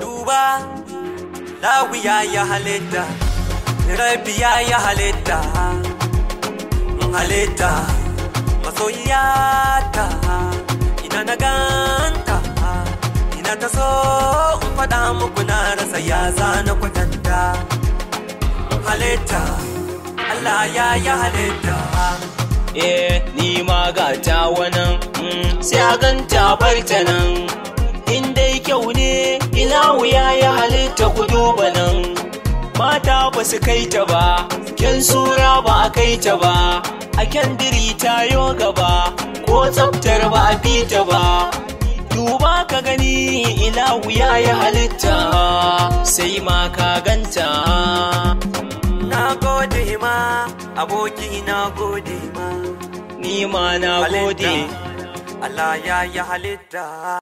Duba, lawi ya ya halitta, rabi ya ya halitta, halitta, masoyata, ina na ina ta so fada faɗa muku na rasa ya zana kwatanta. Halitta, Allah ya ya halitta. Yeah. ma ga ta wanan mm, sai a ganta barta nan in dai kyau ne ina wuya ya halitta ku duba nan mata ba su kai ta ba kyan sura ba a kai ta ba a kyan diri ta yo gaba ko tsaftar ba a fi ta ba duba ka gani ina wuya ya halitta sai ma ka gani aboki na gode ma ni ma na gode Allah ya ya halitta